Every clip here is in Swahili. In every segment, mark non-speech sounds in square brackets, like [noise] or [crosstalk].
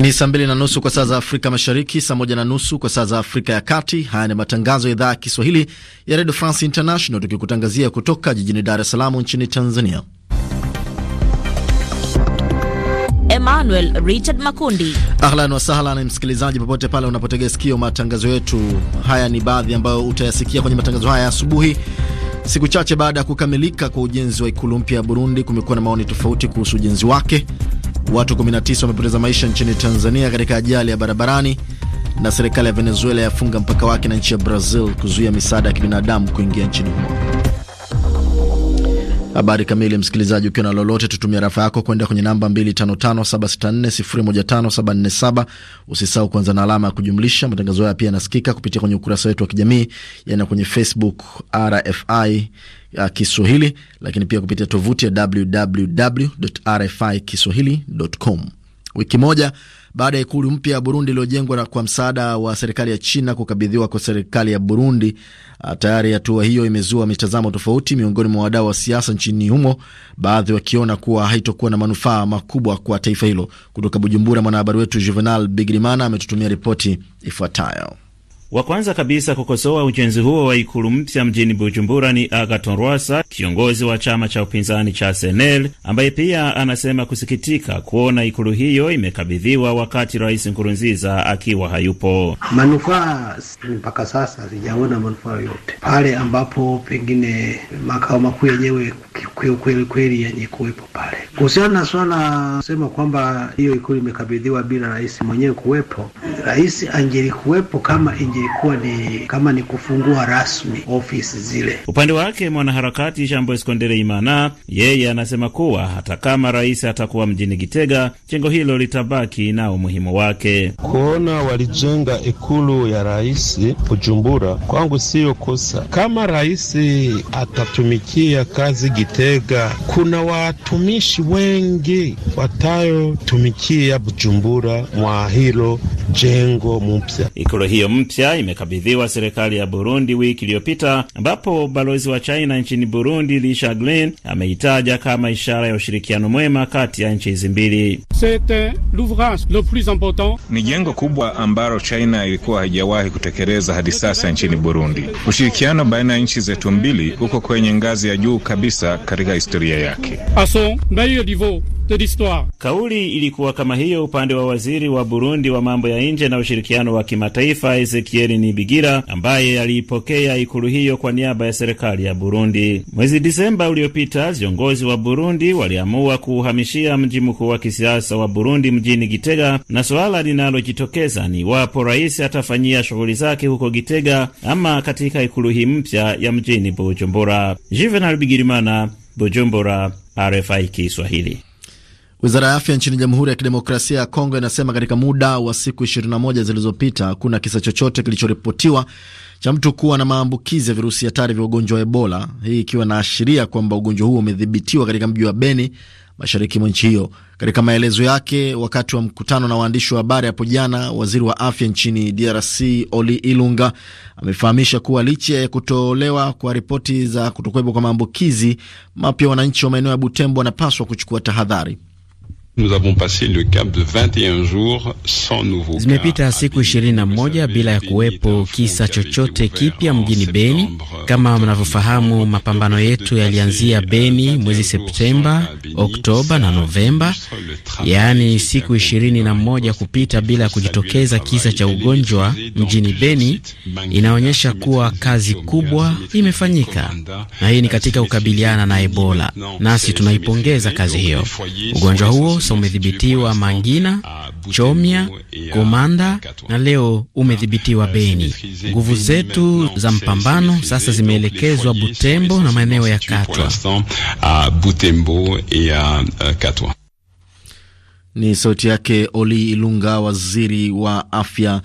Ni saa mbili na nusu kwa saa za Afrika Mashariki, saa moja na nusu kwa saa za Afrika ya Kati. Haya ni matangazo ya idhaa ya Kiswahili ya Redio France International, tukikutangazia kutoka jijini Dar es Salaam nchini Tanzania. Emmanuel Richard Makundi. Ahlan wasahlan msikilizaji, popote pale unapotegea sikio matangazo yetu haya, ni baadhi ambayo utayasikia kwenye matangazo haya ya asubuhi. Siku chache baada ya kukamilika kwa ujenzi wa ikulu mpya ya Burundi, kumekuwa na maoni tofauti kuhusu ujenzi wake. Watu 19 wamepoteza maisha nchini Tanzania katika ajali ya barabarani, na serikali ya Venezuela yafunga mpaka wake na nchi ya Brazil kuzuia misaada ya kibinadamu kuingia nchini humo. Habari kamili, msikilizaji, ukiwa na lolote, tutumia rafa yako kwenda kwenye namba 255764015747. Usisahau kuanza na alama ya kujumlisha. Matangazo haya pia yanasikika kupitia kwenye ukurasa wetu wa kijamii, yana kwenye Facebook RFI ya uh, Kiswahili, lakini pia kupitia tovuti ya www.rfikiswahili.com. Wiki moja baada ya ikulu mpya ya Burundi iliyojengwa kwa msaada wa serikali ya China kukabidhiwa kwa serikali ya Burundi. Ah, tayari hatua hiyo imezua mitazamo tofauti miongoni mwa wadau wa siasa nchini humo, baadhi wakiona kuwa haitokuwa na manufaa makubwa kwa taifa hilo. Kutoka Bujumbura, mwanahabari wetu Juvenal Bigrimana ametutumia ripoti ifuatayo. Wa kwanza kabisa kukosoa ujenzi huo wa ikulu mpya mjini Bujumbura ni Agaton Rwasa, kiongozi wa chama cha upinzani cha SNL, ambaye pia anasema kusikitika kuona ikulu hiyo imekabidhiwa wakati Rais Nkurunziza akiwa hayupo. Manufaa mpaka sasa sijaona manufaa yoyote pale ambapo pengine makao makuu yenyewe kweli kweli yenye kuwepo pale. Kuhusiana na swala sema kwamba hiyo ikulu imekabidhiwa bila rais mwenyewe kuwepo, rais angelikuwepo kama inje ilikuwa ni kama ni kufungua rasmi ofisi zile. Upande wake mwanaharakati Shambo Iskondere Imana yeye anasema kuwa hata kama rais atakuwa mjini Gitega, jengo hilo litabaki na umuhimu wake. Kuona walijenga ikulu ya rais Bujumbura kwangu siyo kosa. Kama rais atatumikia kazi Gitega, kuna watumishi wengi watayotumikia Bujumbura mwa hilo jengo mpya, ikulu hiyo mpya imekabidhiwa serikali ya Burundi wiki iliyopita, ambapo balozi wa China nchini Burundi Lisha Glyn ameitaja kama ishara ya ushirikiano mwema kati ya nchi hizi mbili. Ni jengo kubwa ambalo China ilikuwa haijawahi kutekeleza hadi sasa nchini Burundi. Ushirikiano baina ya nchi zetu mbili uko kwenye ngazi ya juu kabisa katika historia yake Aso, de l'histoire. Kauli ilikuwa kama hiyo upande wa waziri wa Burundi wa mambo ya nje na ushirikiano wa kimataifa Ezekieli Nibigira, ambaye aliipokea ikulu hiyo kwa niaba ya serikali ya Burundi. Mwezi Disemba uliopita, viongozi wa Burundi waliamua kuuhamishia mji mkuu wa kisiasa wa Burundi mjini Gitega, na suala linalojitokeza ni iwapo rais atafanyia shughuli zake huko Gitega ama katika ikulu hii mpya ya mjini Bujumbura. Juvenal Bigirimana, Bujumbura, RFI Kiswahili. Wizara ya afya nchini Jamhuri ya Kidemokrasia ya Kongo inasema katika muda wa siku 21 zilizopita hakuna kisa chochote kilichoripotiwa cha mtu kuwa na maambukizi ya virusi hatari vya ugonjwa wa Ebola, hii ikiwa inaashiria kwamba ugonjwa huo umedhibitiwa katika mji wa Beni, mashariki mwa nchi hiyo. Katika maelezo yake wakati wa mkutano na waandishi wa habari hapo jana, waziri wa afya nchini DRC Oli Ilunga amefahamisha kuwa licha ya kutolewa kwa ripoti za kutokuwepo kwa maambukizi mapya, wananchi wa maeneo ya Butembo wanapaswa kuchukua tahadhari. Nous avons passé le cap de 21 jours sans nouveau cas. Zimepita siku ishirini na moja bila ya kuwepo kisa chochote kipya mjini Beni. Kama mnavyofahamu, mapambano yetu yalianzia Beni mwezi Septemba, Oktoba na Novemba, yaani siku ishirini na moja kupita bila ya kujitokeza kisa cha ugonjwa mjini Beni inaonyesha kuwa kazi kubwa imefanyika, na hii ni katika kukabiliana na Ebola, nasi tunaipongeza kazi hiyo. Ugonjwa huo umedhibitiwa Mangina, Chomia, Komanda na leo umedhibitiwa Beni. Nguvu zetu za mpambano sasa zimeelekezwa Butembo na maeneo ya Katwa. Ni sauti yake Oli Ilunga, waziri wa afya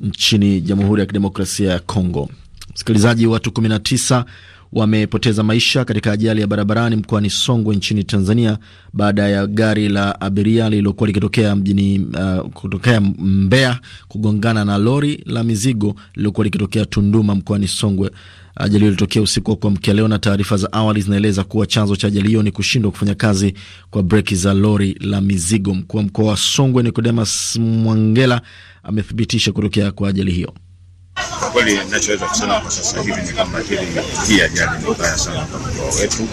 nchini Jamhuri ya Kidemokrasia ya Kongo. Msikilizaji, watu 19 wamepoteza maisha katika ajali ya barabarani mkoani Songwe nchini Tanzania baada ya gari la abiria lililokuwa likitokea mjini uh, kutokea Mbeya kugongana na lori la mizigo lililokuwa likitokea Tunduma mkoani Songwe. Ajali hiyo ilitokea usiku wa kuamkia leo, na taarifa za awali zinaeleza kuwa chanzo cha ajali hiyo ni kushindwa kufanya kazi kwa breki za lori la mizigo. Mkuu wa mkoa wa Songwe Nikodemas Mwangela amethibitisha kutokea kwa ajali hiyo. Kwa kweli ninachoweza kusema kwa sasa hivi ni kwamba hili hii ajali ni mbaya sana kwa mkoa wetu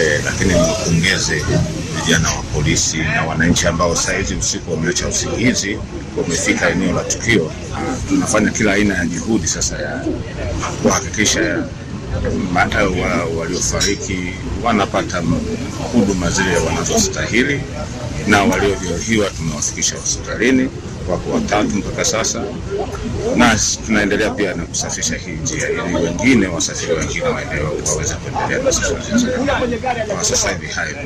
e, lakini niwapongeze vijana wa polisi na wananchi ambao hizi usiku wameacha usingizi wamefika eneo la tukio. Tunafanya kila aina ya juhudi sasa ya kuhakikisha waliofariki wa wanapata huduma zile wanazostahili na waliojeruhiwa tumewafikisha hospitalini wako watatu mpaka sasa, na tunaendelea pia na kusafisha hii njia ili wengine wasafiri wengine waendelee waweze kuendelea na safari kwa sasa hivi. Hayo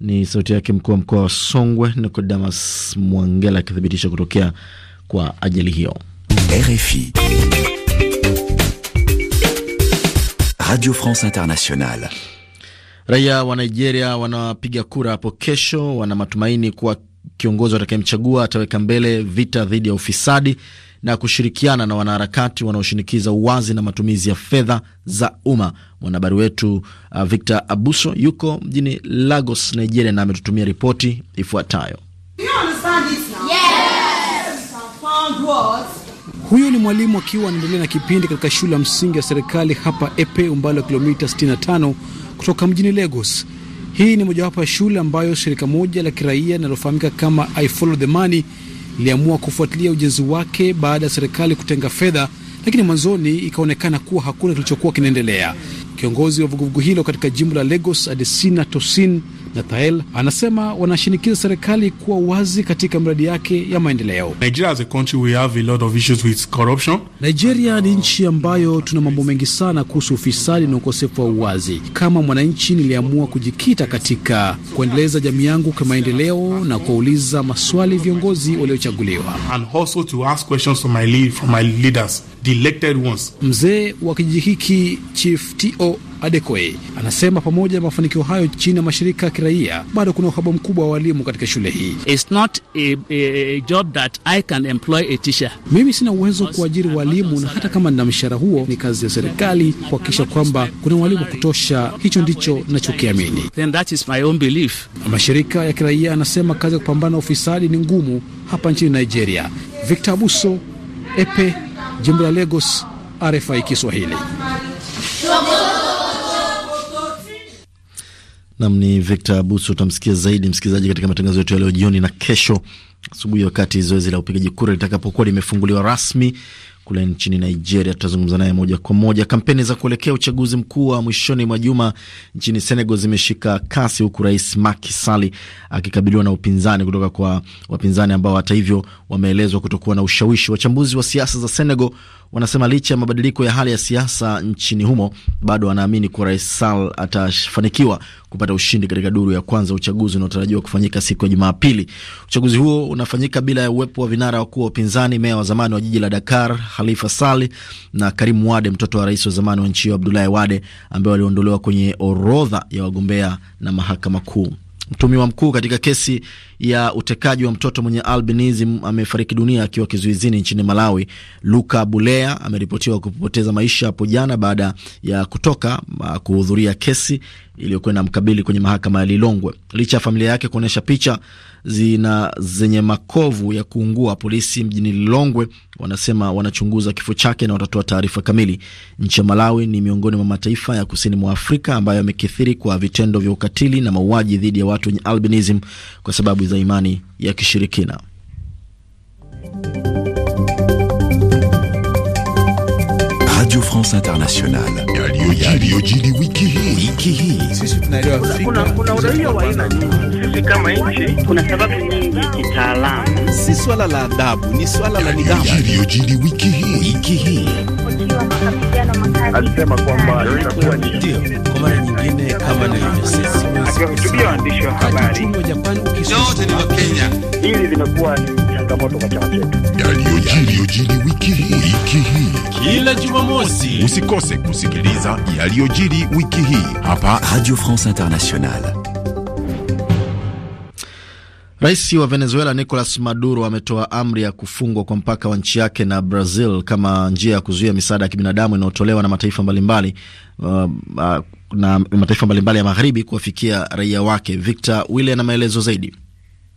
ni sauti yake mkuu wa mkoa wa Songwe Nikodamas Mwangela akithibitisha kutokea kwa ajali hiyo. RFI Radio France Internationale. Raia wa Nigeria wanapiga kura hapo kesho, wana matumaini kuwa kiongozi watakayemchagua ataweka mbele vita dhidi ya ufisadi na kushirikiana na wanaharakati wanaoshinikiza uwazi na matumizi ya fedha za umma. Mwanahabari wetu uh, Victor Abuso yuko mjini Lagos, Nigeria, na ametutumia ripoti ifuatayo. Huyu ni mwalimu akiwa anaendelea na kipindi katika shule ya msingi ya serikali hapa Epe, umbali wa kilomita 65 kutoka mjini Lagos. Hii ni mojawapo ya shule ambayo shirika moja la kiraia linalofahamika kama I Follow the Money liliamua kufuatilia ujenzi wake baada ya serikali kutenga fedha, lakini mwanzoni ikaonekana kuwa hakuna kilichokuwa kinaendelea. Kiongozi wa vuguvugu hilo katika jimbo la Lagos, Adesina Tosin Nathael anasema wanashinikiza serikali kuwa wazi katika miradi yake ya maendeleo. Nigeria ni nchi ambayo tuna mambo mengi sana kuhusu ufisadi na ukosefu wa uwazi. Kama mwananchi, niliamua kujikita katika kuendeleza jamii yangu kwa maendeleo na kuwauliza maswali viongozi waliochaguliwa. Mzee wa kijiji hiki Chief T.O adekoe anasema pamoja na mafanikio hayo chini ya mashirika ya kiraia, bado kuna uhaba mkubwa wa walimu katika shule hii. It's not a, a job that I can employ a teacher. Mimi sina uwezo wa kuajiri walimu, na hata kama nina mshahara huo, ni kazi ya serikali kuhakikisha kwamba kuna walimu wa kutosha. Hicho ndicho nachokiamini. Then that is my own belief. Mashirika ya kiraia anasema kazi ya kupambana ufisadi ni ngumu hapa nchini Nigeria. Victor Abuso, Epe, jimbo la Lagos, RFI Kiswahili. Nam ni Victor Abusu. Utamsikia zaidi msikilizaji katika matangazo yetu ya leo jioni na kesho asubuhi, wakati zoezi la upigaji kura litakapokuwa limefunguliwa rasmi kule nchini Nigeria. Tutazungumza naye moja kwa moja. Kampeni za kuelekea uchaguzi mkuu wa mwishoni mwa juma nchini Senegal zimeshika kasi, huku rais Macky Sall akikabiliwa na upinzani kutoka kwa wapinzani ambao hata hivyo wameelezwa kutokuwa na ushawishi. Wachambuzi wa siasa za Senegal wanasema licha ya mabadiliko ya hali ya siasa nchini humo bado wanaamini kuwa Rais Sall atafanikiwa kupata ushindi katika duru ya kwanza uchaguzi unaotarajiwa kufanyika siku ya Jumapili. Uchaguzi huo unafanyika bila ya uwepo wa vinara wakuu wa upinzani, meya wa zamani wa jiji la Dakar Khalifa Sali na Karim Wade, mtoto wa rais wa zamani wa nchi hiyo Abdulahi Wade, ambaye waliondolewa kwenye orodha ya wagombea na mahakama kuu. Mtumiwa mkuu katika kesi ya utekaji wa mtoto mwenye albinism amefariki dunia akiwa kizuizini nchini Malawi. Luka Bulea ameripotiwa kupoteza maisha hapo jana baada ya kutoka kuhudhuria kesi iliyokuwa inamkabili kwenye mahakama ya Lilongwe. Licha ya familia yake kuonyesha picha zina zenye makovu ya kuungua, polisi mjini Lilongwe wanasema wanachunguza kifo chake na watatoa taarifa kamili. Nchi ya Malawi ni miongoni mwa mataifa ya kusini mwa Afrika ambayo yamekithiri kwa vitendo vya ukatili na mauaji dhidi ya watu wenye albinism kwa sababu za imani ya kishirikina. Radio France Internationale. Si swala la adabu, ni swala la nidhamu. Yaliyojiri wiki hii alisema kwamba itakuwa ndio kwa mara nyingine kama waandishi wa habari, ni Hili limekuwa ni changamoto kwa chama chetu. Yaliyojiri wiki hii, kila Jumamosi usikose kusikiliza yaliyojiri wiki hii hapa Radio France Internationale. Rais wa Venezuela Nicolas Maduro ametoa amri ya kufungwa kwa mpaka wa nchi yake na Brazil kama njia ya kuzuia misaada ya kibinadamu inayotolewa na mataifa mbalimbali uh, uh, na mataifa mbalimbali ya magharibi kuwafikia raia wake. Victor Wille ana maelezo zaidi.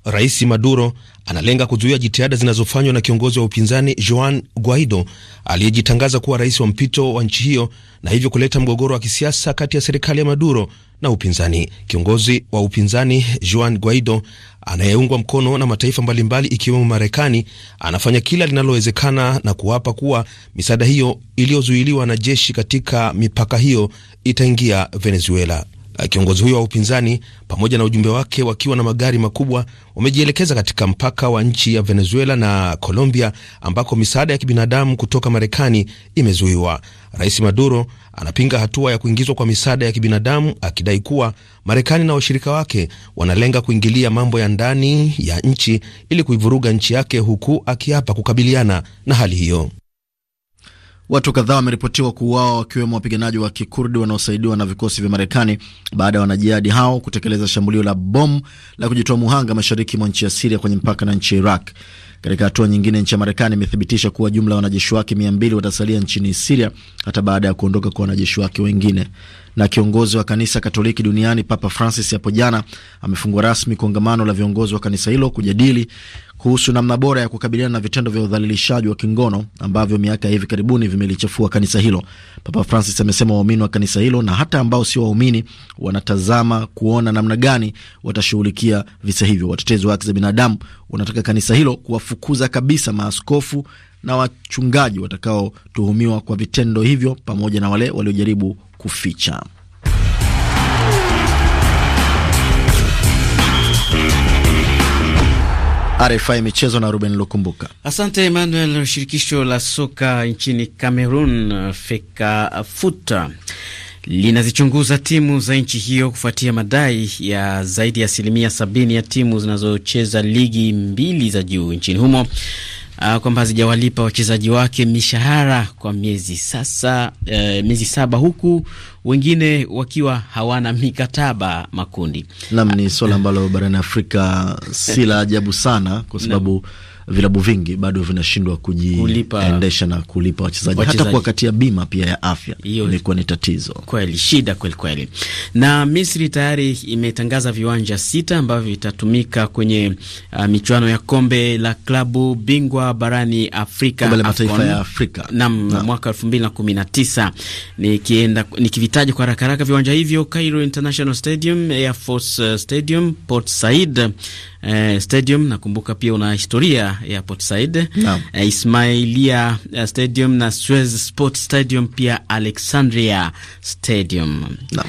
Rais Maduro analenga kuzuia jitihada zinazofanywa na kiongozi wa upinzani Juan Guaido aliyejitangaza kuwa rais wa mpito wa nchi hiyo na hivyo kuleta mgogoro wa kisiasa kati ya serikali ya Maduro na upinzani. Kiongozi wa upinzani Juan Guaido anayeungwa mkono na mataifa mbalimbali ikiwemo Marekani anafanya kila linalowezekana na kuwapa kuwa misaada hiyo iliyozuiliwa na jeshi katika mipaka hiyo itaingia Venezuela. Eh, kiongozi huyo wa upinzani pamoja na ujumbe wake wakiwa na magari makubwa wamejielekeza katika mpaka wa nchi ya Venezuela na Colombia ambako misaada ya kibinadamu kutoka Marekani imezuiwa. Rais Maduro anapinga hatua ya kuingizwa kwa misaada ya kibinadamu akidai kuwa Marekani na washirika wake wanalenga kuingilia mambo ya ndani ya nchi ili kuivuruga nchi yake, huku akiapa kukabiliana na hali hiyo. Watu kadhaa wameripotiwa kuuawa wakiwemo wapiganaji wa kikurdi wanaosaidiwa na vikosi vya Marekani baada ya wanajihadi hao kutekeleza shambulio la bomu la kujitoa muhanga mashariki mwa nchi ya Siria kwenye mpaka na nchi ya Iraq. Katika hatua nyingine, nchi ya Marekani imethibitisha kuwa jumla ya wanajeshi wake mia mbili watasalia nchini Siria hata baada ya kuondoka kwa wanajeshi wake wengine. Na kiongozi wa kanisa Katoliki duniani Papa Francis hapo jana amefungua rasmi kongamano la viongozi wa kanisa hilo kujadili kuhusu namna bora ya kukabiliana na vitendo vya udhalilishaji wa kingono ambavyo miaka ya hivi karibuni vimelichafua kanisa hilo. Papa Francis amesema waumini wa kanisa hilo na hata ambao sio waumini wanatazama kuona namna gani watashughulikia visa hivyo. Watetezi wa haki za binadamu wanataka kanisa hilo kuwafukuza kabisa maaskofu na wachungaji watakaotuhumiwa kwa vitendo hivyo pamoja na wale waliojaribu kuficha RFI Michezo na Ruben Lukumbuka. Asante Emmanuel. Shirikisho la soka nchini Cameroon feka futa linazichunguza timu za nchi hiyo kufuatia madai ya zaidi ya asilimia sabini ya timu zinazocheza ligi mbili za juu nchini humo uh, kwamba hazijawalipa wachezaji wake mishahara kwa miezi sasa, uh, miezi saba, huku wengine wakiwa hawana mikataba makundi. Naam, ni swala ambalo barani Afrika si la ajabu sana kwa sababu vilabu vingi bado vinashindwa kujiendesha na kulipa wachezaji, hata kuwakatia bima pia ya afya imekuwa ni tatizo kweli, shida kweli kweli. Na Misri tayari imetangaza viwanja sita ambavyo vitatumika kwenye uh, michuano ya kombe la klabu bingwa barani Afrika, kombe la mataifa ya Afrika na mwaka elfu mbili na kumi na tisa. Nikienda nikivitaja kwa haraka haraka viwanja hivyo: Cairo International Stadium, Air Force uh, Stadium, Port Said eh, Stadium. Nakumbuka pia una historia ya Port Said no. eh, Ismailia eh, Stadium na Suez Sport Stadium, pia Alexandria Stadium no.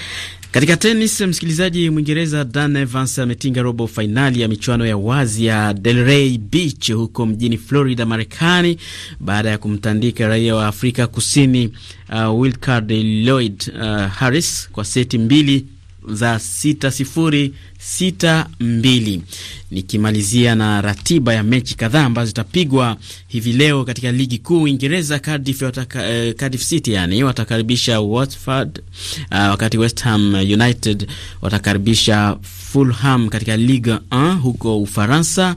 Katika tenis, msikilizaji, Mwingereza Dan Evans ametinga robo fainali ya michuano ya wazi ya Delray Beach huko mjini Florida, Marekani, baada ya kumtandika raia wa Afrika Kusini uh, eh, Wilcard Lloyd uh, Harris kwa seti mbili za 6062. Nikimalizia na ratiba ya mechi kadhaa ambazo zitapigwa hivi leo katika ligi kuu Uingereza, Cardiff, eh, Cardiff City yani watakaribisha Watford, uh, wakati West Ham United watakaribisha Fulham katika Ligue 1 huko Ufaransa.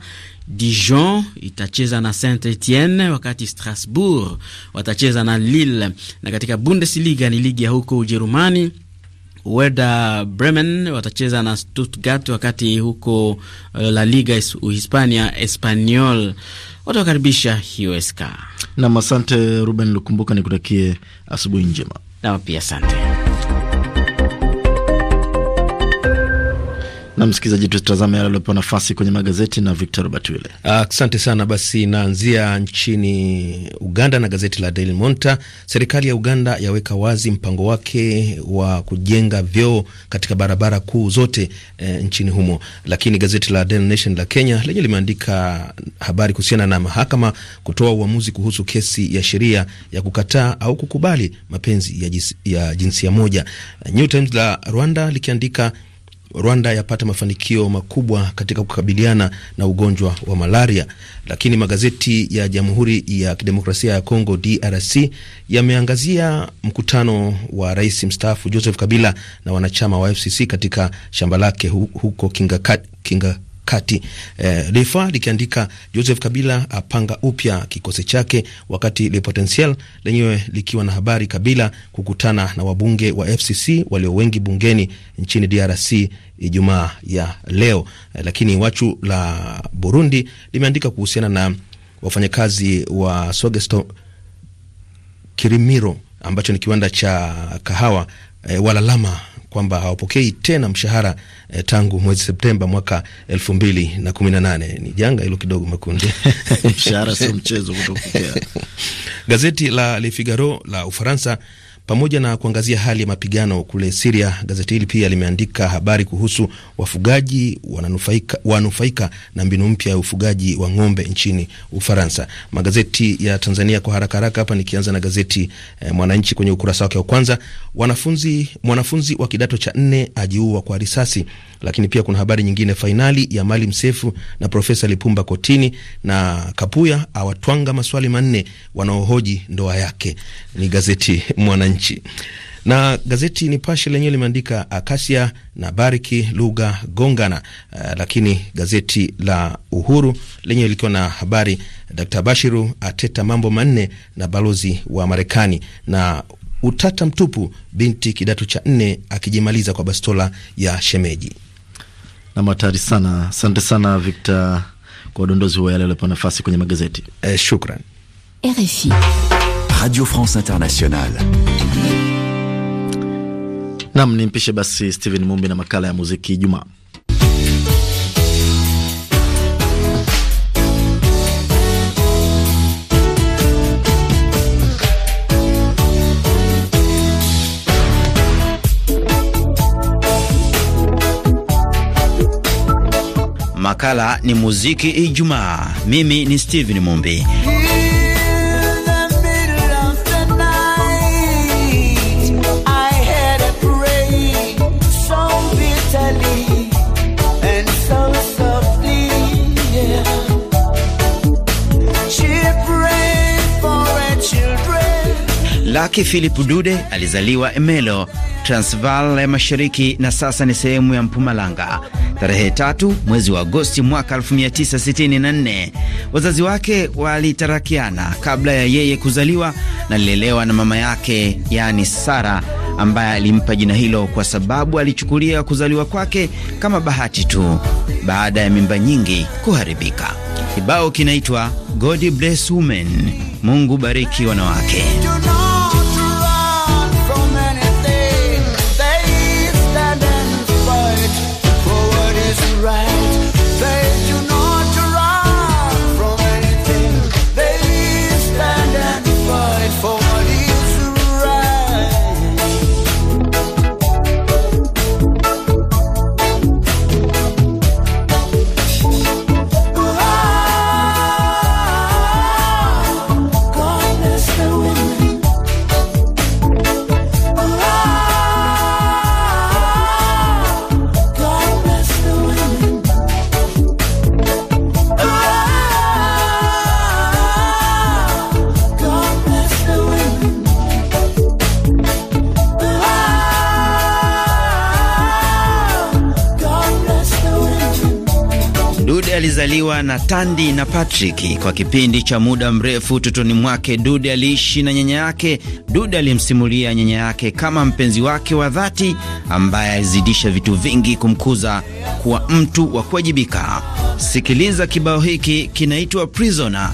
Dijon itacheza na Saint Etienne wakati Strasbourg watacheza na Lille. Na katika Bundesliga ni ligi ya huko Ujerumani Werder Bremen watacheza na Stuttgart, wakati huko uh, La Liga Uhispania Espanyol watawakaribisha usk Nam, asante Ruben Lukumbuka, nikutakie asubuhi njema. Nam pia asante. msikilizaji, tutazame yale aliopewa nafasi kwenye magazeti na Victor Robert Wile. Asante sana. Basi naanzia nchini Uganda na gazeti la Daily Monitor. Serikali ya Uganda yaweka wazi mpango wake wa kujenga vyoo katika barabara kuu zote e, nchini humo. Lakini gazeti la Daily Nation la Kenya lenye limeandika habari kuhusiana na mahakama kutoa uamuzi kuhusu kesi ya sheria ya kukataa au kukubali mapenzi ya, jis, ya jinsia moja. New Times la Rwanda likiandika Rwanda yapata mafanikio makubwa katika kukabiliana na ugonjwa wa malaria, lakini magazeti ya Jamhuri ya Kidemokrasia ya Kongo DRC yameangazia mkutano wa rais mstaafu Joseph Kabila na wanachama wa FCC katika shamba lake huko Kinga, Kinga kati. Eh, Lefa likiandika Joseph Kabila apanga upya kikosi chake, wakati Le Potentiel lenyewe likiwa na habari Kabila kukutana na wabunge wa FCC walio wengi bungeni nchini DRC Ijumaa ya leo. Eh, lakini Wachu la Burundi limeandika kuhusiana na wafanyakazi wa Sogesto Kirimiro ambacho ni kiwanda cha kahawa eh, walalama kwamba hawapokei tena mshahara eh, tangu mwezi Septemba mwaka elfu mbili na kumi na nane. Ni janga hilo kidogo, makundi [laughs] mshahara sio mchezo kutopokea. [laughs] Gazeti la Le Figaro la Ufaransa pamoja na kuangazia hali ya mapigano kule Siria, gazeti hili pia limeandika habari kuhusu wafugaji wananufaika, wanufaika na mbinu mpya ya ufugaji wa ng'ombe nchini Ufaransa. Magazeti ya Tanzania kwa haraka haraka hapa, nikianza na gazeti eh, Mwananchi kwenye ukurasa wake wa kwanza, wanafunzi mwanafunzi wa kidato cha nne ajiua kwa risasi. Lakini pia kuna habari nyingine, fainali ya Maalim Seif na Profesa Lipumba kotini, na Kapuya awatwanga maswali manne wanaohoji ndoa yake. Ni gazeti Mwananchi na gazeti Nipashe lenyewe limeandika Akasia na Bariki lugha gongana. Uh, lakini gazeti la Uhuru lenyewe likiwa na habari d Bashiru ateta mambo manne na balozi wa Marekani na utata mtupu, binti kidato cha nne akijimaliza kwa bastola ya shemeji. Nam, sana. Asante sana Victor kwa udondozi wa yale yaliyopewa nafasi kwenye magazeti. Eh, shukran. RFI Radio France Internationale. Nam, nimpishe basi Steven Mumbi na makala ya muziki Ijumaa. Makala ni muziki Ijumaa. Mimi ni Steven Mumbi. Lucky Philip Dude alizaliwa Emelo, Transvaal ya Mashariki na sasa ni sehemu ya Mpumalanga. Tarehe tatu mwezi wa Agosti mwaka 1964 wazazi wake walitarakiana kabla ya yeye kuzaliwa, na lilelewa na mama yake, yaani Sara, ambaye alimpa jina hilo kwa sababu alichukulia kuzaliwa kwake kama bahati tu, baada ya mimba nyingi kuharibika. Kibao kinaitwa God Bless Women, Mungu bariki wanawake. na Tandi na Patrick, kwa kipindi cha muda mrefu utotoni mwake Dude aliishi na nyanya yake. Dude alimsimulia nyanya yake kama mpenzi wake wa dhati, ambaye alizidisha vitu vingi kumkuza kuwa mtu wa kuwajibika. Sikiliza kibao hiki kinaitwa Prisoner.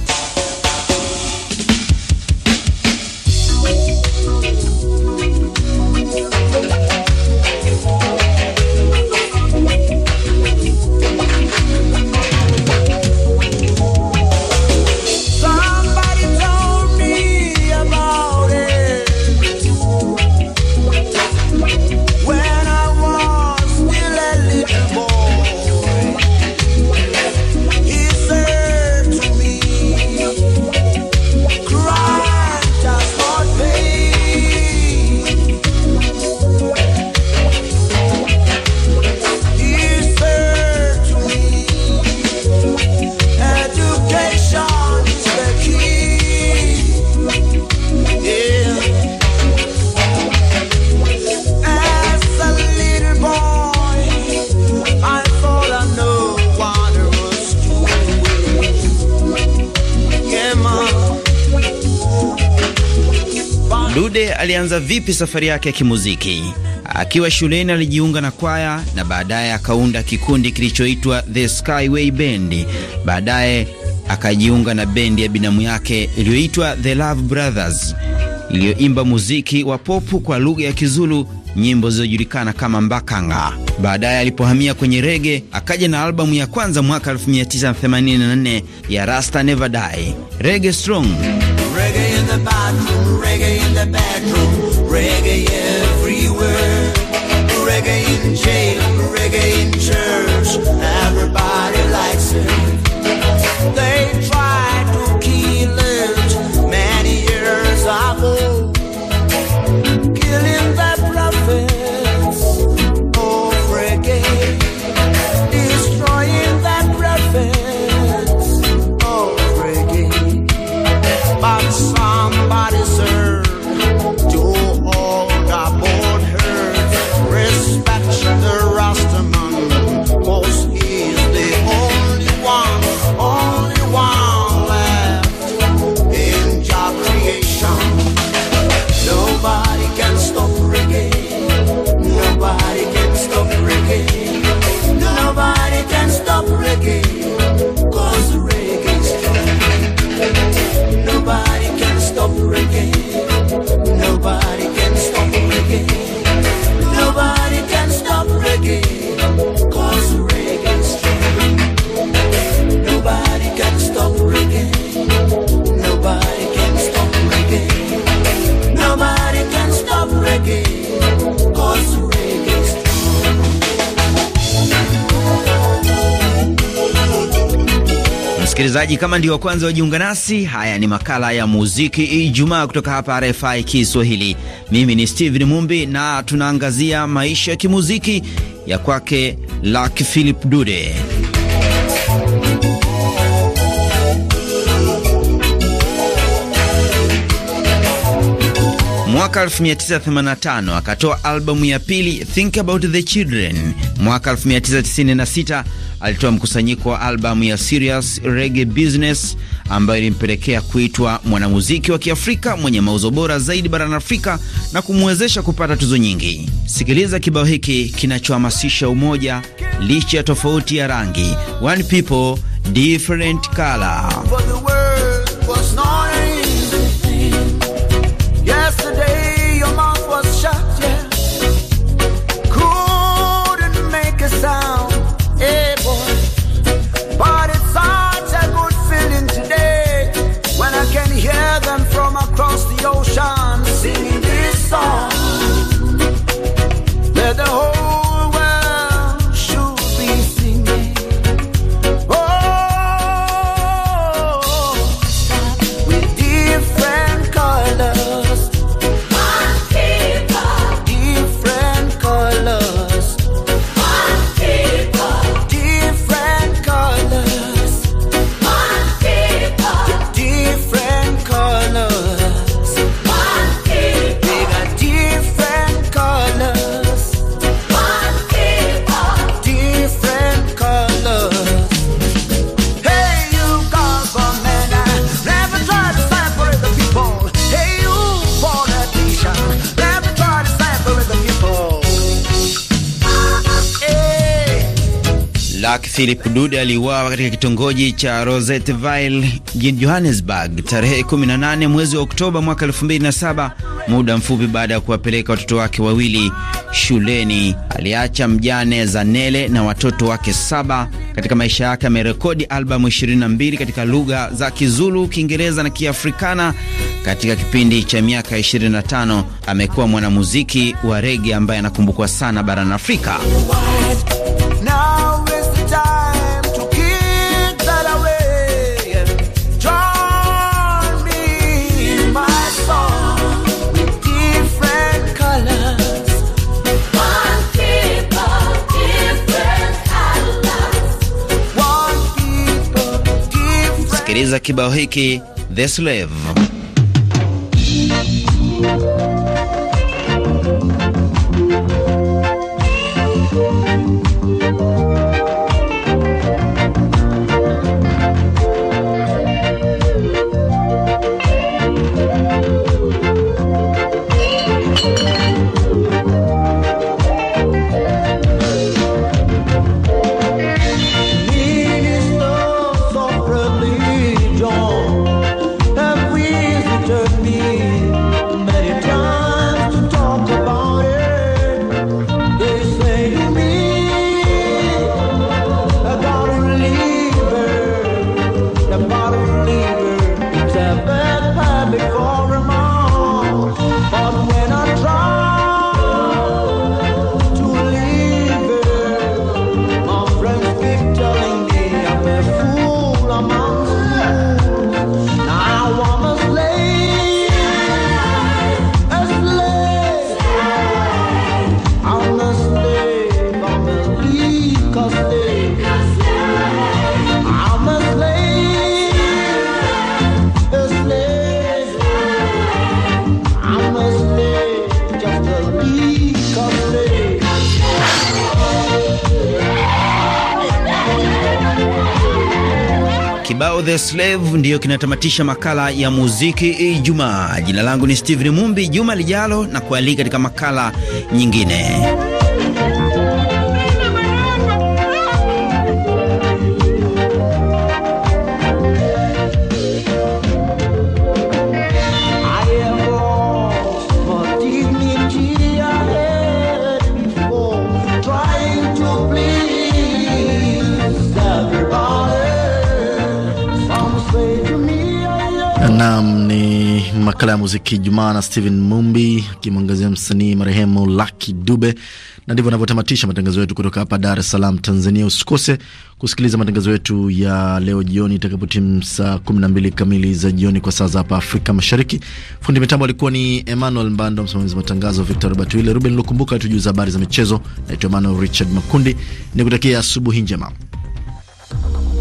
alianza vipi safari yake ya kimuziki? Akiwa shuleni alijiunga na kwaya na baadaye akaunda kikundi kilichoitwa The Skyway Band. Baadaye akajiunga na bendi ya binamu yake iliyoitwa The Love Brothers iliyoimba muziki wa popu kwa lugha ya Kizulu, nyimbo zilizojulikana kama Mbakanga. Baadaye alipohamia kwenye rege, akaja na albamu ya kwanza mwaka 1984 ya Rasta Never Die, Rege Strong. in the bathroom, reggae in the bedroom, reggae everywhere. Reggae in jail, reggae in church, everybody likes it. They try Msikilizaji, kama ndio kwanza wajiunga nasi, haya ni makala ya muziki Ijumaa kutoka hapa RFI Kiswahili. Mimi ni Steven Mumbi na tunaangazia maisha ya kimuziki ya kwake lak Philip Dude. Mwaka 1985 akatoa albamu ya pili Think About the Children. Mwaka 1996 alitoa mkusanyiko wa albamu ya Serious Reggae Business ambayo ilimpelekea kuitwa mwanamuziki wa Kiafrika mwenye mauzo bora zaidi barani Afrika na kumwezesha kupata tuzo nyingi. Sikiliza kibao hiki kinachohamasisha umoja licha ya tofauti ya rangi. One people different color. Philip Dude aliuawa katika kitongoji cha Rosetteville jijini Johannesburg tarehe 18 mwezi wa Oktoba mwaka 2007, muda mfupi baada ya kuwapeleka watoto wake wawili shuleni. Aliacha mjane Zanele na watoto wake saba. Katika maisha yake amerekodi albamu 22 katika lugha za Kizulu, Kiingereza na Kiafrikana. Katika kipindi cha miaka 25 amekuwa mwanamuziki wa rege ambaye anakumbukwa sana barani Afrika. kusikiliza kibao hiki The Slave. Hallelujah. the Slave ndiyo kinatamatisha makala ya muziki Ijumaa. Jina langu ni Steven Mumbi. Juma lijalo na kualika katika makala nyingine. ya muziki Jumaa na Steven Mumbi akimwangazia msanii marehemu Lucky Dube, na ndivyo anavyotamatisha matangazo yetu kutoka hapa Dar es Salaam, Tanzania. Usikose kusikiliza matangazo yetu ya leo jioni itakapotimu saa 12 kamili za jioni kwa saa za hapa Afrika Mashariki. Fundi mitambo alikuwa ni Emmanuel Mbando, msimamizi matangazo Victor Robert Wile, Ruben Lukumbuka tujuza habari za michezo. Naitwa Emmanuel Richard Makundi, nikutakia asubuhi njema. Thank you.